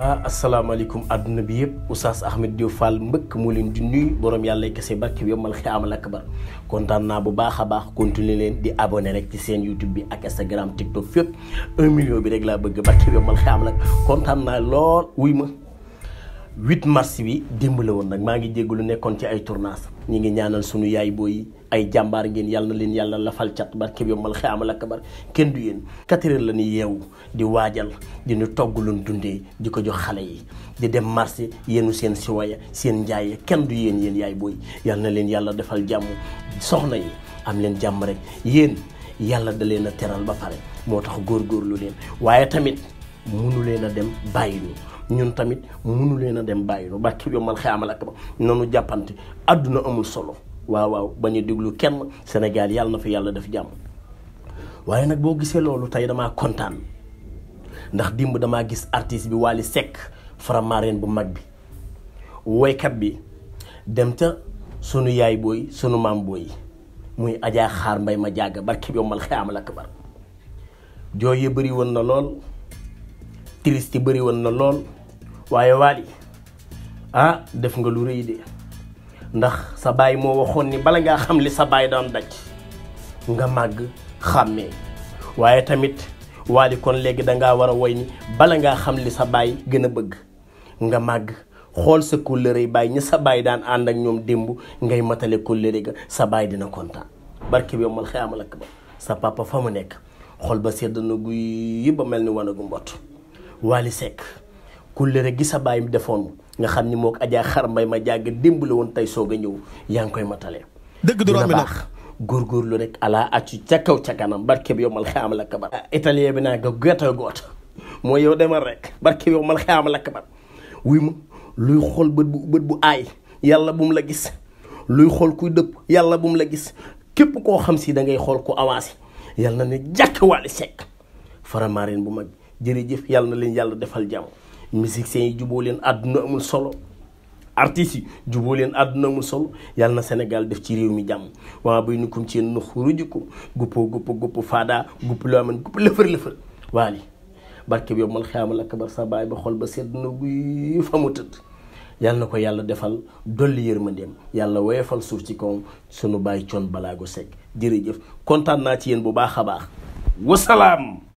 ah asalaamaaleykum àdduna bi yëpp Oustaz Ahmed Diop Fall mbëkk mu leen di nuyu borom yàlla kese barke bi yombal xiyaamal akbar kontaan naa bu baax a baax continuer leen di abonné rek ci seen YouTube bi ak Instagram TikTok fépp un million bi rek laa bëgg barke bi yombal xiyaamal ak kontaan naa lool wuy ma. 8 mars bi démb la woon nag maa ngi lu nekkoon ci ay tournage ñi ngi ñaanal suñu yaay booy ay jàmbaar ngeen yàlla na leen yàlla lafal cat barke bi mal xiyaamal akbar kenn du yéen 4 heures la ñuy yeewu di waajal di ñu togg lu dundee di ko jox xale yi di dem marché yéenu seen siwaya seen njaay kenn du yéen yéen yaay booy yàlla na leen yàlla defal jàmm soxna yi am leen jàmm rek yéen yàlla da leen a teral ba pare moo tax góorgóorlu leen waaye tamit munu leen a dem bàyyi ñu ñun tamit mënu leen a dem bàyyi lu barki bi man xiyaamal ak ba noonu jàppante àdduna amul solo waaw ba ñu déglu kenn Sénégal yàlla na fa yàlla def jàmm waaye nag boo gisee loolu tey damaa kontaan ndax dimb damaa gis artiste bi Wally Seck faramareen bu mag bi woykat bi dem ca sunu yaay booy sunu maam booy muy ajaa xaar mbay ma jàgg barki bi yombal xiyaamal ak bar jooy yi woon na lool triste yi bëri woon na lool waaye waali ah, def nga lu rëy de ndax sa baay moo waxoon ni bala ngaa xam li sa baay daan daj nga màgg xàmmee waaye tamit waali kon léegi dangaa war a woy ni bala ngaa xam li sa baay gën a bëgg nga màgg xool sa kóllëre baay ñi sa baay daan ànd ak ñoom démb ngay matale kóllëre ga sa baay dina kontaan barke bi mal ma amalak ba sa papa fa mu nekk xool ba sedd na guy ba mel ni wanagu mbott Wally Seck kóllëre gi sa baay mi defoon nga xam ni moo ko Adja Xar Mbay ma jàgg démb la woon tey soog a ñëw yaa ngi koy matale. dëgg du romb na baax góorgóorlu rek ala accu ca kaw ca kanam barke bi yomal xaam la kabar. italien bi naa nga goota goota mooy yow demal rek barke bi yomal xaam la kabar wuy ma luy xool bët bu aay yàlla bu mu la gis luy xool kuy dëpp yàlla bu mu la gis képp koo xam si da ngay xool ku avancé yàlla na ne jàkk wàlli sekk faramarin bu mag jërëjëf yàlla na leen yàlla defal jàmm. musiciens yi juboo leen àdduna amul solo artistes yi juboo leen àdduna amul solo yàlla na Sénégal def ci réew mi jàmm waa bay nukum ci yéen nuxuruji ko guppo guppo faadaa faada gupp loo amen gupp lëfër lëfër waali barke bi yow mal xiyaamal ba sa baay ba xol ba sedd na guy fa mu tëdd yàlla na ko yàlla defal dolli yërmandeem yàlla woyefal suuf ci kawam sunu bàyyi coon balaago sekk jërëjëf kontaan naa ci yéen bu baax a baax wasalaam